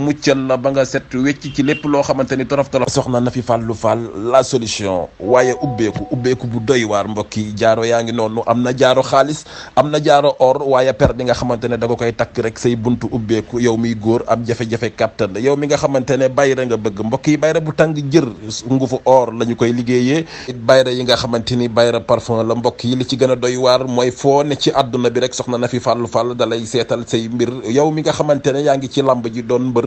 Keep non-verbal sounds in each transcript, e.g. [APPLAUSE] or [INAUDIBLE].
muccal la ba nga set wecc ci lépp loo xamante ni torof torof soxna na fi fàllu fàll la solution waaye ubbeeku ubbeeku bu doy waar mbokk yi jaaro yaa ngi noonu am na jaaro xaalis am na jaaro or waaye per di nga xamante ne da ko koy takk rek say buntu ubbeeku yow miy góor am jafe-jafe kàttan yow mi nga xamante ne bayra nga bëgg mbokk yi bayra bu tàng jër ngufu or la ñu koy liggéeyee it yi nga xamante ni bayra parfum la mbokk yi li ci gën a doy waar mooy foo ne bi rek soxna na fi fàllu fàll dalay seetal say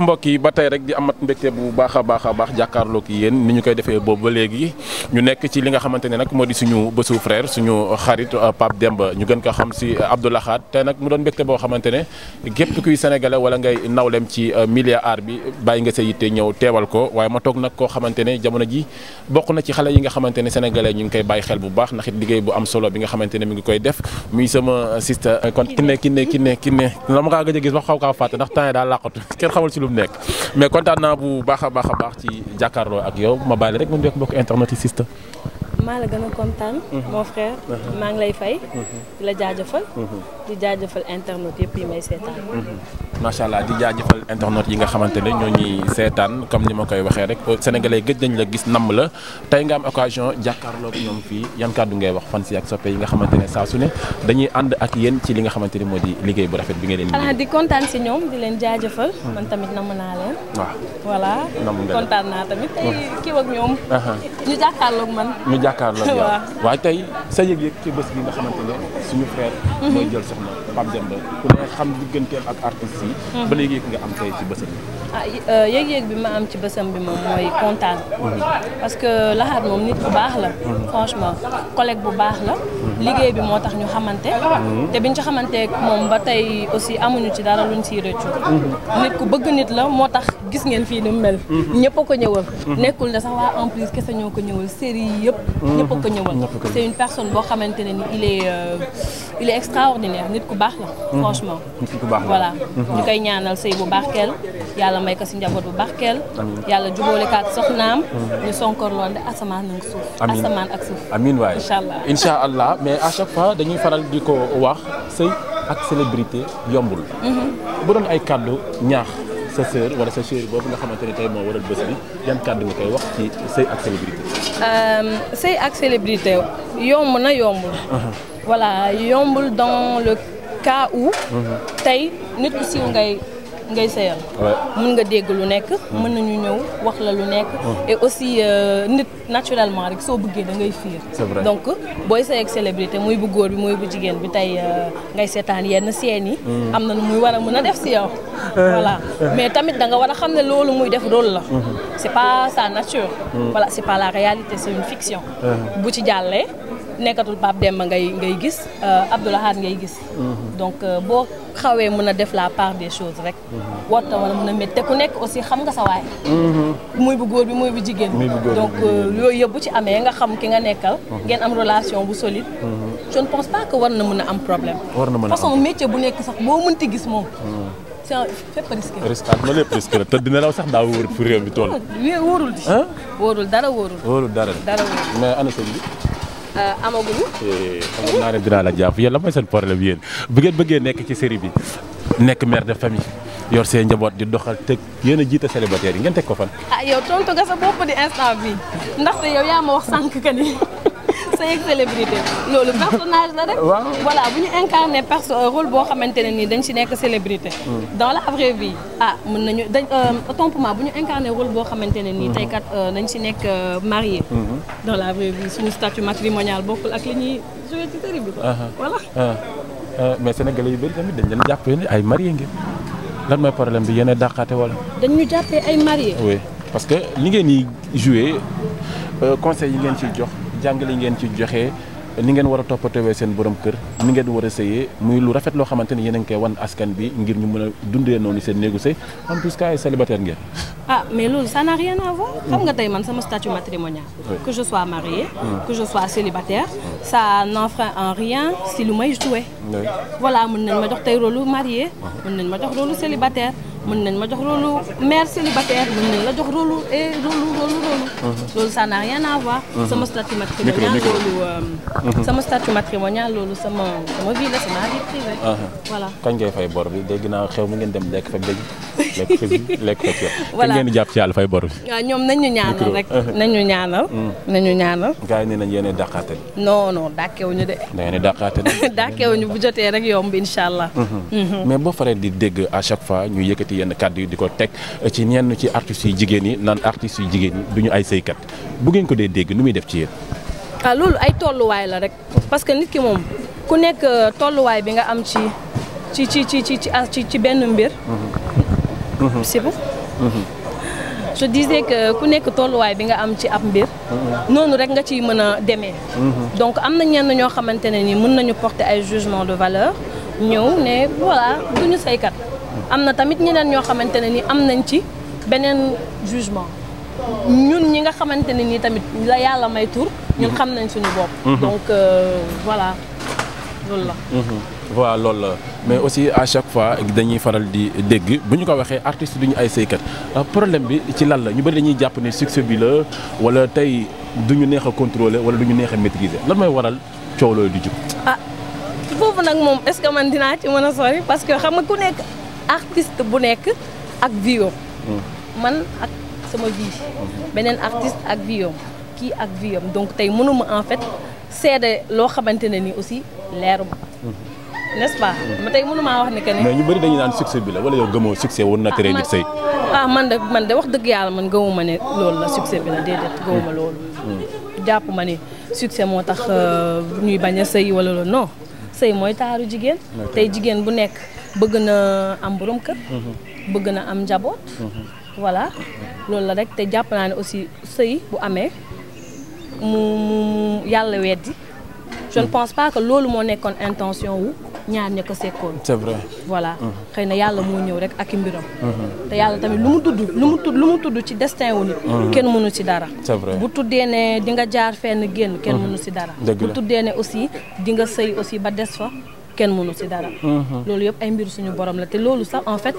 mbokk yi ba tey rek di amat mbégte bu baax a baax a baax jàkkaarloog yéen ni ñu koy defee boobu léegi ñu nekk ci li nga xamante ne nag moo di suñu bësu frère suñu xarit euh, Pape Demba ñu gën ko xam si euh, Abdou Lahad tey nag mu doon mbégte boo xamante ne képp kuy sénégalais wala ngay nawlem ci euh, milieu art bi bàyyi nga sa yitte ñëw teewal ko waaye ma toog nag koo xamante ne jamono ji bokk na ci xale yi nga xamante ne sénégalais ñu ngi koy bàyyi xel bu baax ndax it liggéey bu am solo bi nga xamante ne mi ngi koy def muy sama sister kon kinne kinne kinne kinne mënul nekk mais kontaan naa bu baax a baax a baax ci jàkkaarloo ak yow ma bàyyi rek mu nekk mbokk internet yi sista maa la gën a kontaan. Mhm. mon frère mhm. maa ngi lay fay. Mhm. di la jaajëfal. di jaajëfal internet yëpp yi may seetaan. macha allah di jaajëfal internet yi nga xamante ne ñoo ñuy seetaan comme ni ma koy waxee rek sénégalais gëj nañ la gis namm la tey nga am occasion jàkkaarloog ñoom fii yan kàddu ngay wax fan si ak soppe yi nga xamante ne saa su ne dañuy ànd ak yéen ci li nga xamante ne moo di liggéey bu rafet bi nga leen. ah di kontaan si ñoom di leen jaajëfal. man tamit namm naa leen. waaw voilà kontaan naa tamit. tey kii ak ñoom. ñu jàkkaarloog man. ñu jàkkaarloog yow waaw. waaye tey sa yëg-yëg ci bés bi nga xamante ne suñu frère. mooy mhm. jël soxna Pape Demba ku ne xam digganteem ak artistes yi. Mhm. ba léegi nga am tey ci bésam. ah yéeg-yéeg euh, bi ma am ci bësam bi moom mooy kontaan. parce que laxaat moom nit bu baax la. franchement collègue bu baax la. liggéey bi moo tax ñu xamante. te bi biñ ci xamantee moom ba tey aussi amuñu ci dara luñ siy rëccu. nit ku bëgg nit la moo tax gis ngeen fii ni mu mel. ñëpp ko ñëwal. nekkul ne sax waa en plus kese ñoo ko ñëwal série yi yëpp. ñëpp a ko ñëwal c'est une personne boo xamante ne ni il est euh, il est extraordinaire nit ku baax la. Mhm. franchement nit ku baax la mhm. bu baax keel yàlla may ko si njaboot bu barkeel yàlla jubóole kaat soxnaam ñu sonkorloon de asamaan ak suuf asamaan ak suuf amiin waay incha allah mais à chaque fois dañuy faral di ko wax sëy ak célébrité yombul mhm. bu doon ay kàddu ñaax sa sœur wala sa chérie boobu nga xamante ne tey moo waral bés bi yan kàddu nga koy wax ci sëy ak célébrité euh, yomb na yombul uh-huh. voilà yombul dans le cas où uh-huh. tey nit siiw ngay ngay sëyal mën nga dégg lu nekk mën nañu ñëw wax la lu nekk mm. et aussi euh, nit naturellement rek soo buggee da ngay fiir donc booy sëy ak célébrité muy bu góor bi muy bu jigéen bi tey euh, ngay seetaan yenn seen yi mm. am na nu muy war a mun a def si yow [LAUGHS] voilà mais tamit da nga war a xam ne loolu muy def rôle la mm-hmm. c'est pas sa nature mm. voilà c'est pas la réalité c'est une fiction bu ci jàllee nekkatul Pape Demba ngay ngay gis euh, Abdou Lahad ngay gis. Mhm. donc euh, boo xawee mun a def la part des choses rek. Mhm. warta wala mën a métti te ku nekk aussi xam nga sa waay. Mhm. muy bu góor bi muy bu jigéen bi. donc euh, yooyu yëpp bu ci amee nga xam ki nga nekkal. ngeen am relation bu solide. je ne pense pas que war na mun a am problème. war na mën a am façon bu nekk sax boo mënti gis moom. fépp risqué risqué ak ma lépp risqué la te dina sax daa wóor fu réew mi toll. Ah, wóorul di. dara wóorul. wóorul dara Euh, amaguñu. Eh, amoon naa ne dinaa la jàpp yéen la mooy seen problème yéen bu ngeen bëggee nekk ci série bi nekk mère de famille yor seen njaboot di doxal teg yéen a jiite yi ngeen ko fan. ah yow tontu nga sa bopp di instant bi ndaxte yow yaa ma wax sànq que ni. [LAUGHS] sa yëg célébrité loolu personnage la rek. voilà bu ñu incarné perso euh, rôle boo xamante ne nii dañ si nekk célébrité. Hmm. dans la vraie vie ah mën nañu dañ euh, autant bu ñu incarné rôle boo xamante ne nii. Hmm. tey kat dañ euh, ci nekk marié. Hmm. dans la vraie vie suñu statut matrimonial bokkul ak li ñuy joué ci série bi. Ah, ah. voilà. Ah, mais sénégalais yu bëri tamit dañ leen jàppee ay marié ngeen lan mooy problème bi yéen a dàqaate wala. dañ ñu jàppee ay marié. parce que li ngeen di joué conseil ngeen ciy jox. jàngale ngeen ci joxe ni ngeen war a toppatewee seen borom kër ni ngeen war a muy lu rafet loo xamante ni a koy wan askan bi ngir ñu mën a dundee noonu seen néegu sëy en plus que ay ngeen. ah mais loolu ça n'a rien xam nga tey man sama statut matrimonial. que je sois mariée. que je sois célibataire. ça n'enfreint en rien si lu may joué. voilà mën nañ ma jox tey rôle lu mariée. nañ ma jox rôle lu mën nañ ma jox rôle mère célibataire mën nañ la jox rôle et eh, rôle rôle rôle. Uh-huh. loolu ça n'a uh-huh. euh, uh-huh. sama statut matrimonial loolu. sama statut sama sama vie la sama fay bor bi dégg naa xew mu ngeen dem lekk fa lekk xis lekk xëcc voilà ngeen jàpp ci yàlla fay bor bi. waaw ah, ñoom nañ ñu ñaanal rek nañ ñu ñaanal. Mm. nañ ñu ñaanal. gars yi nee nañ de. da ngeen di dàqaate la. [LAUGHS] dàkkeewuñu bu jotee rek yomb incha allah. Mm-hmm. Mm-hmm. mais boo faree di dégg a chaque fois ñu yëkkati yenn kàddu yi di ko teg ci ñenn ci artistes yu jigéen yi naan artistes yu jigéen yi duñu ay sëykat bu ngeen ko dee dégg nu muy def ci yéen. ah loolu ay tolluwaay la rek parce que nit ki moom ku nekk euh, tolluwaay bi nga am ci ci ci ci ci ci benn mbir mm-hmm. Mm-hmm. c'est bon mm-hmm. je disais que ku nekk tolluwaay bi nga am ci ab mbir mm-hmm. noonu rek nga ciy mën a demee donc am na ñenn ñoo xamante ne ni mën nañu porter ay jugement de valeur ñëw ne voilà duñu saykat am na tamit ñeneen ñoo xamante ne ni am nañ ci beneen jugement ñun ñi nga xamante ne ni tamit la yàlla may tur ñun xam nañ suñu bopp donc euh, voilà loolu la voilà loolu la mais aussi à chaque fois dañuy faral di dégg bu ñu ko waxee artiste duñu ay saykat problème bi ci lan la ñu bëri dañuy jàpp ne succès bi la wala tey duñu neex a contrôler wala duñu neex a maîtriser lan mooy waral coow loolu di jub. ah foofu nag moom est-ce que man dinaa ci mën a sori parce que xam nga ku nekk artiste bu nekk ak viom hmm. man ak sama vie hmm. beneen artiste ak viom kii ak viom donc tey mënuma en fait seede loo xamante ne nii aussi leeruma n'est-ce pas. ma tey mënu maa wax ni que ne. mais ñu bëri dañuy naan succès bi la wala yow gëmoo succès woon na tere nit sëy. ah man de man de wax dëgg yàlla man gëmuma ne loolu la succès bi la déedéet gëmuma loolu. Hmm. jàpp ma ne succès moo tax euh, ñuy bañ a sëy wala loolu non sëy mooy taaru jigéen. tey jigéen bu nekk bëgg na am borom hmm. na am njaboot. Hmm. loolu la rek te jàpp naa ne aussi sëy bu amee mu mu yàlla weddi. je ne pense pas que loolu moo nekkoon intention wu. ñaar ña ko sekkoon. c'est voilà. xëy na yàlla moo ñëw rek ak i mbiram. te yàlla tamit lu mu tudd lu mu tudd lu ci destin wu nit. kenn mënu ci dara. c'est vrai bu tuddee ne di nga jaar fenn génn kenn mënu ci dara. bu tuddee ne aussi di nga sëy aussi ba des fa kenn mënu ci dara. loolu yëpp ay mbir suñu borom la te loolu sax en fait.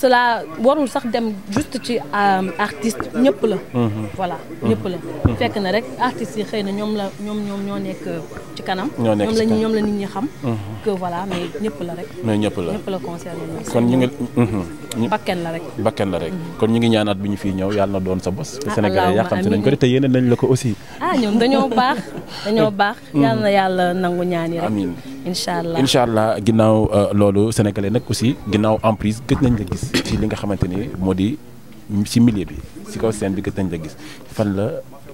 cela warul sax dem juste ci euh, artiste ñëpp la. Mhm. voilà mhm. ñëpp la. Mhm. fekk na rek artistes yi xëy na ñoom la ñoom ñoom ñoo nekk euh, ci kanam. ñoo nekk ci kanam ñoom la nit ñi xam. que ñëpp la rek. ñëpp la ñëpp la concerné kon ñu ngi. bakken la rek. bakken la rek kon ñu ngi ñaanaat bi ñu fii ñëw yàlla na doon sa bos. Ah, te Sénégal yaa xam si nañ ko te yéene nañ la ko aussi. ah ñoom dañoo baax dañoo baax. [LAUGHS] Mm. yàlla na yàlla nangu ñaan yi rek. incha allah incha allah ginnaaw euh, loolu sénégalais nag aussi ginnaaw emprise gëj nañ la gis ci li nga xamante ni moo di ci milieu bi ci kaw seen bi gëj nañ la gis fan la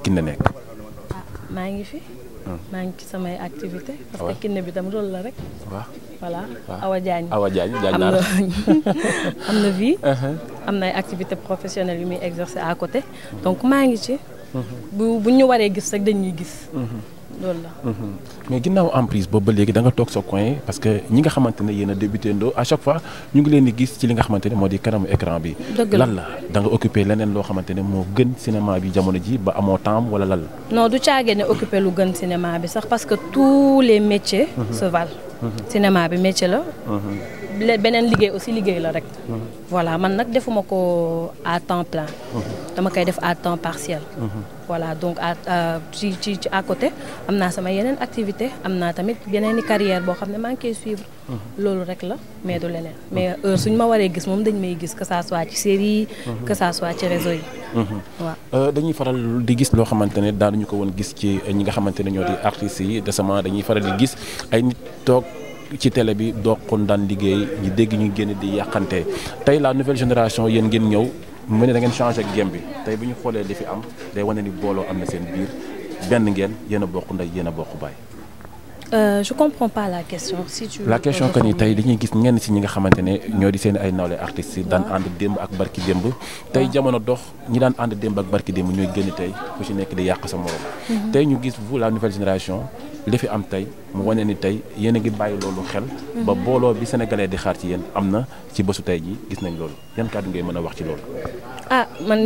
Kiné nekk. Ah, maa ngi fi. Hmm. maa ngi ci samay activité parce que ah Kiné bi tam loolu la rek. waaw voilà Awa Diagne. Awa Diagne Diagne naa [LAUGHS] am na vie. Uh-huh. am na activité activités professionnelles yu muy exercer à côté hmm. donc maa ngi ci. Hmm. bu bu ñu waree gis rek dañuy gis. loolu la. Mhm. mais ginnaaw emprise boobu ba léegi da nga toog sa coin parce que ñi nga xamante ne yéen a débuté ndoo à chaque fois ñu ngi leen di gis ci li nga xamante ne moo di kanamu écran bi. lan la da nga occupé leneen loo xamante ne moo gën cinéma bi jamono ji ba amoo temps wala lan la. non du caagee ne occupé lu gën cinéma bi sax parce que tous les métiers. Mhm. se valent. Mhm. cinéma bi métier la. beneen liggéey aussi liggéey la rek. Mhm. voilà man nag defuma ko à temps plein. Mhm. dama koy def à temps partiel. Mhm. voilà donc à ci ci à côté am naa sama yeneen activité am naa tamit yeneen i carrière boo xam ne maa ngi koy suivre. loolu rek la mais du leneen. mais heure ñu ma waree gis moom dañ may gis que ça soit ci série que ça soit ci réseau yi. waaw euh, dañuy faral di gis loo xamante ne ñu ko woon gis ci ñi nga xamante ne ñoo di artistes yi de sama dañuy faral di gis ay toog. ci télé bi doqun daan liggéey ñu dégg ñu génn di yàqante tey la nouvelle génération yéen ngeen ñëw mu ne dangeen ngeen changé bi tey bu ñu xoolee li fi am day wane ni booloo am na seen biir benn ngeen yéen a bokk ndey yéen a bokk baay. Euh, je comprends pas la question si que ni tey dañuy gis ñenn si ñi nga xamante ne ñoo di seen ay nawle artistes yi daan ah. ànd démb ak barki démb. tey ah. jamono dox ñi daan ànd démb ak barki démb ñooy génn tey ku ci nekk di yàq sa morom. Mhm. tey ñu gis vous la nouvelle génération. li fi am tey mu wane ni tey yéen a ngi bàyyi loolu xel. ba mhm. booloo bi sénégalais di xaar ci yéen am na ci bésu tey ji gis nañ loolu yan kàddu ngay mën a wax ci loolu. ah man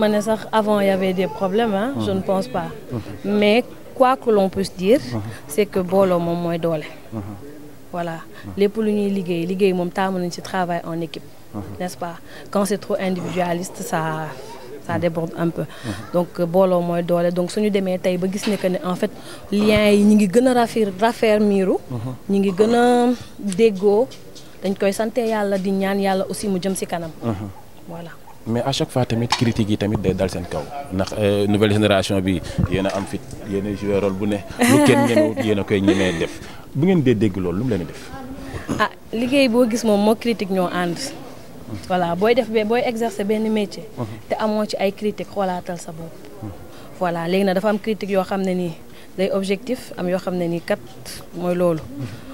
ma ne sax avant y de des problèmes ah. je ne pense pas. Mhm. mais quoi que l'on puisse dire. c'est que booloo moom mooy doole. voilà lépp lu ñuy liggéey liggéey moom taamu nañ ci travail en équipe. n'est-ce pas quand c'est trop individualiste ça. ça déborde un peu. donc euh, booloo mooy doole donc suñu demee tey ba gis ne que ne en fait liens yi ñu ngi gën a rafir raffermiru mhm. ñu ngi gën a déggoo dañ koy sante yàlla di ñaan yàlla aussi mu jëm ci kanam. Mhm. voilà. mais à chaque fois tamit critique yi tamit day dal seen kaw ndax euh, nouvelle génération bi yéen a am fit yéen a joué rôle bu ne. lu kenn ñemewut [LAUGHS] yéen a koy ñemee def bu ngeen dee dégg loolu lu mu leen def. ah liggéey boo gis moom moo critique ñoo ànd. voilà booy def ba booy exercer benn métier. te amoo ci ay critique xoolaatal sa bopp. voilà léegi nag dafa am critique yoo xam ne nii objectif am yoo xam ne nii kat mooy loolu.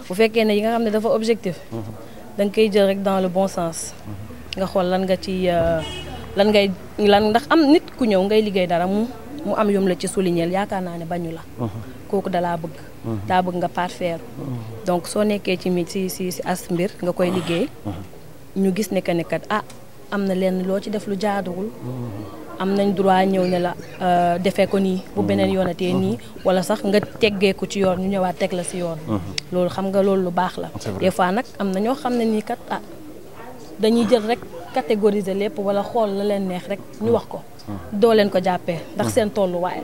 bu fekkee ne yi nga xam ne dafa objectif. da nga koy jël rek dans le bon sens. nga xool lan nga ci euh, lan ngay lan ndax am nit ku ñëw ngay liggéey dara mu mu am yom la ci souligner yaakaar naa ne bañu la. kooku dalaa bëgg. daa bëgg nga parfaire. donc soo nekkee ci mi ci si as mbir nga koy liggéey. ñu gis ne que ne kat ah am na lenn loo ci def lu jaaduwul. am nañ droit ñëw ne la euh, defee ko nii. bu beneen mhm. yoonatee mhm. nii. wala sax nga teggee ko ci yoon ñu ñëwaat teg la si yoon. Mhm. loolu xam nga loolu lu baax la. des fois nag am na ñoo xam ne nii kat ah dañuy jël rek catégoriser lépp wala xool la leen neex rek ñu wax ko. doo leen ko jàppee ndax seen tolluwaay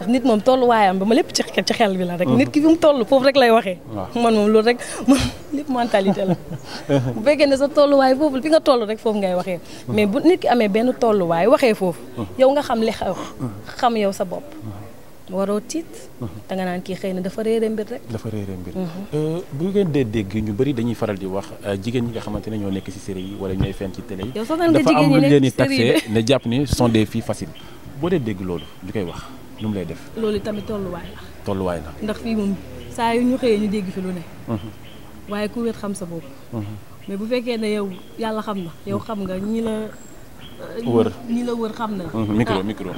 la nit moom tolluwaayam ba ma lépp ci ci xel bi la rek nit ki fi mu toll foofu rek lay waxee man moom loolu rek man lépp mentalité la [LAUGHS] bu fekkee ne sa tolluwaay foofu fi nga toll rek foofu ngay waxee mais bu nit ki amee benn tolluwaay waxee foofu hmm. yow nga xam li xew xam yow sa bopp waroo tiit. Mhm. da nga naan kii xëy na dafa réere mbir rek. dafa réere mbir. Mhm. Euh, bu ngeen dee dégg ñu bëri dañuy faral di wax euh, jigéen ñi nga xamante ne ñoo nekk ci série yi wala ñooy fenn ci télé yi. dafa am lu leen di taxé ne jàpp ni sont des filles faciles boo dee dégg loolu ñu koy wax nu mu lay def. loolu tamit tolluwaay la. tolluwaay la ndax fii moom saa yu ñu xëyee ñu dégg fi lu ne. Mhm. waaye ku wér xam sa bopp. mais bu fekkee ne yow yàlla xam na yow xam nga ñi la. Euh, wër ñi la wër xam na. micro ah. micro.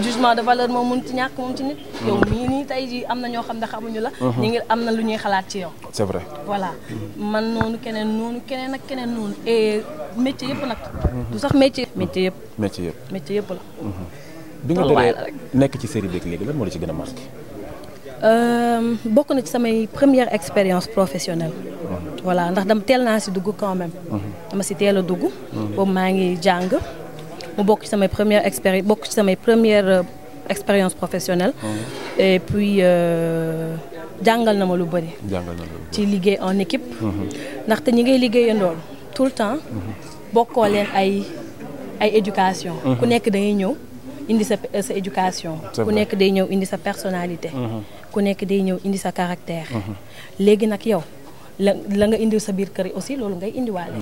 jugement de valeur moom mënut a ñàkk moom ci nit. Mm-hmm. yow mii nii tey jii am na ñoo xam ne xamuñu la. ñu mm-hmm. ngi am na lu ñuy xalaat ci yow. c'est vrai voilà mm-hmm. man noonu keneen noonu keneen ak keneen noonu et métier yëpp nag. du sax métier. métier yëpp métier yëpp métier yëpp la. bi nekk ci série beeg léegi lan moo la ci gën a marqué. Euh, bokk na ci samay première expérience professionnel voilà ndax dama teel naa si dugg quand même. dama si teel a dugg. boobu maa ngi jàng. mu bokk ci samay première expérience bokk ci samay première euh, expérience professionnelle. Ah et puis euh, jàngal na ma lu bëri. jàngal ci liggéey en équipe. Mhm. ndaxte ñi ngay liggéeyandool tout le temps. Mhm. bokkoo leen ay ay éducation. ku nekk dangay ñëw indi sa sa éducation. ku nekk day ñëw indi sa euh, personnalité. Mhm. ku nekk day ñëw indi sa caractère. léegi nag yow. la la nga indiw sa biir kër yi aussi loolu ngay indiwaale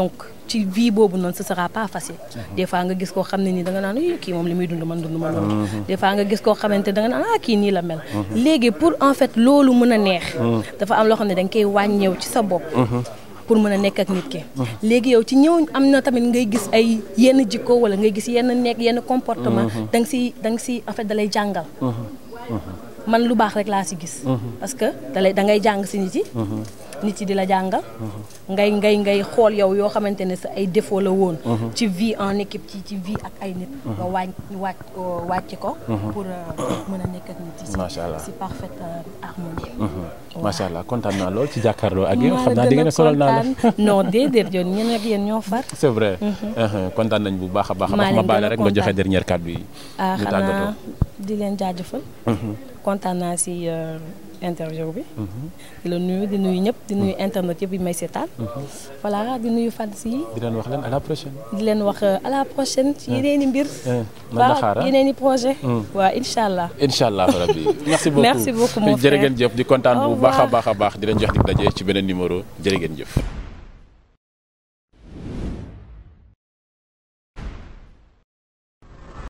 donc ci vie boobu noonu ce sera par facile mhm. des nga gis koo xam ne nii da naan i kii moom li muy dund man dund mhm. gis koo xamante da nga naan ah kii nii la mel mhm. léegi pour en fait loolu mën a neex dafa am loo xam ne da nga koy wàññeew ci sa bopp pour mën a nekk ak nit ki léegi yow ci ñëw am na tamit ngay gis ay yenn jikko wala ngay gis yenn nekk yenn comportement da si da nga si en fait da lay jàngal man lu baax rek laa si gis. Mhm. parce que dalay da ngay jàng si nit yi. Mhm. nit yi di la jàngal. Mhm. ngay ngay ngay xool yow yoo xamante ne sa ay défaut la woon. ci vie en équipe ci ci vie ak ay nit. nga wàññi wàcc ko. pour euh, mën a nekk ak nit yi. macha allah harmonie. macha allah naa lool ci jàkkaarloo ak yow. naa di ngeen solal naa la non déedéet yoon ñun ak yéen ñoo far. [LAUGHS] c'est vrai. Mhm. Uh-huh. kontaan nañ bu baax a baax. ma baale rek nga joxe dernière kàddu yi. ah xanaa di leen jaajëfal. Mhm. kontaan naa si. Euh, interview bi. Mhm. di la nuyu di nuyu ñëpp di nuyu internet yëpp yi may seetaan. Mhm. voilà di nuyu fans yi. di leen wax leen à la prochaine. di leen wax euh, à la prochaine. ci yeneen i mbir. man la xaaral yeneen i projet. Mm. waaw incha allah. incha allah rabbi [LAUGHS] merci beaucoup merci beaucoup mon frère jërë ngeen jëf di kontaan bu baax a baax a baax di leen jox dig daje ci beneen numéro jërë ngeen jëf.